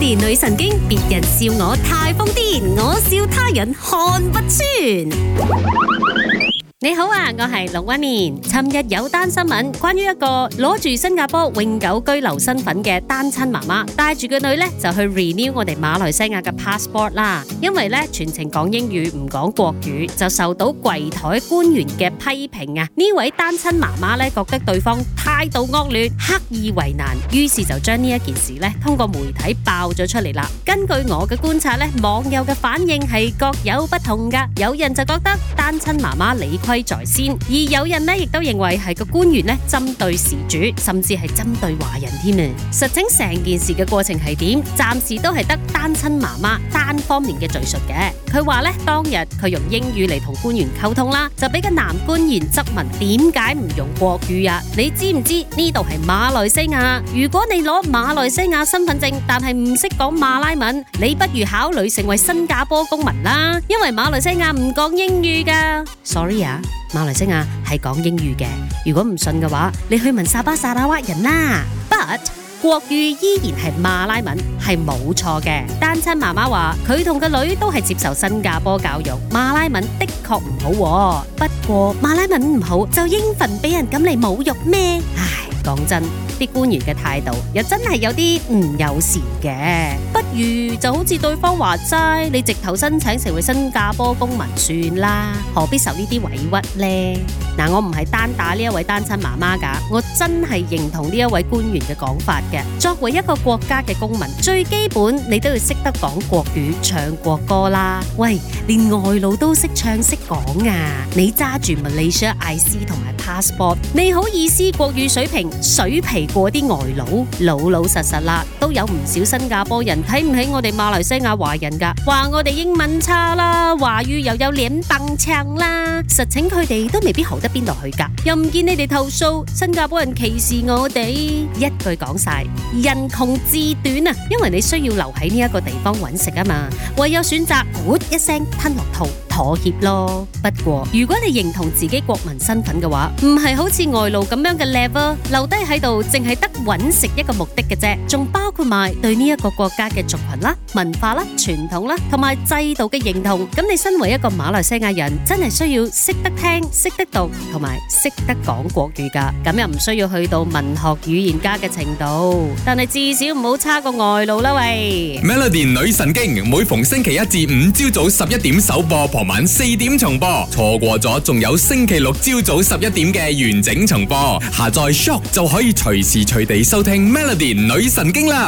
年女神經，別人笑我太瘋癲，我笑他人看不穿。你好啊，我係龍紋敏。尋日有單新聞，關於一個攞住新加坡永久居留身份嘅單親媽媽，帶住個女咧就去 renew 我哋馬來西亞嘅 passport 啦。因為咧全程講英語唔講國語，就受到櫃檯官員嘅批評啊！呢位單親媽媽咧覺得對方，態度惡劣，刻意為難，於是就將呢一件事咧通過媒體爆咗出嚟啦。根據我嘅觀察咧，網友嘅反應係各有不同噶，有人就覺得單親媽媽理虧在先，而有人呢亦都認為係個官員咧針對事主，甚至係針對華人添。實情成件事嘅過程係點，暫時都係得單親媽媽單方面嘅敘述嘅。佢話咧，當日佢用英語嚟同官員溝通啦，就俾個男官員質問點解唔用國語呀、啊？你知唔知呢度係馬來西亞？如果你攞馬來西亞身份證，但係唔識講馬來文，你不如考慮成為新加坡公民啦，因為馬來西亞唔講英語噶。Sorry 啊，馬來西亞係講英語嘅。如果唔信嘅話，你去問沙巴砂拉越人啦。But 國語依然係馬拉敏係冇錯嘅，單親媽媽話佢同個女兒都係接受新加坡教育，馬拉敏的確唔好，啊。不過馬拉敏唔好就應份俾人咁嚟侮辱咩？唉，講真。啲官員嘅態度又真係有啲唔友善嘅，不如就好似對方話齋，你直頭申請成為新加坡公民算啦，何必受呢啲委屈呢？嗱、啊，我唔係單打呢一位單親媽媽㗎，我真係認同呢一位官員嘅講法嘅。作為一個國家嘅公民，最基本你都要識得講國語、唱國歌啦。喂，連外勞都識唱識講啊！你揸住 Malaysia IC 同埋 passport，你好意思國語水平水平？嗰啲外勞老，老老實實啦，都有唔少新加坡人睇唔起我哋馬來西亞華人噶，話我哋英文差啦，華語又有臉蹦唱啦，實情佢哋都未必好得邊度去噶，又唔見你哋投訴新加坡人歧視我哋，一句講晒，人窮志短啊，因為你需要留喺呢一個地方揾食啊嘛，唯有選擇，噗一聲吞落肚。妥協咯。不過，如果你認同自己國民身份嘅話，唔係好似外勞咁樣嘅 level，留低喺度，淨係得揾食一個目的嘅啫，仲包。同埋對呢一個國家嘅族群啦、文化啦、傳統啦，同埋制度嘅認同，咁你身為一個馬來西亞人，真係需要識得聽、識得讀同埋識得講國語㗎，咁又唔需要去到文學語言家嘅程度，但係至少唔好差過外勞啦喂。Melody 女神經每逢星期一至五朝早十一點首播，傍晚四點重播，錯過咗仲有星期六朝早十一點嘅完整重播，下載 Shock 就可以隨時隨地收聽 Melody 女神經啦。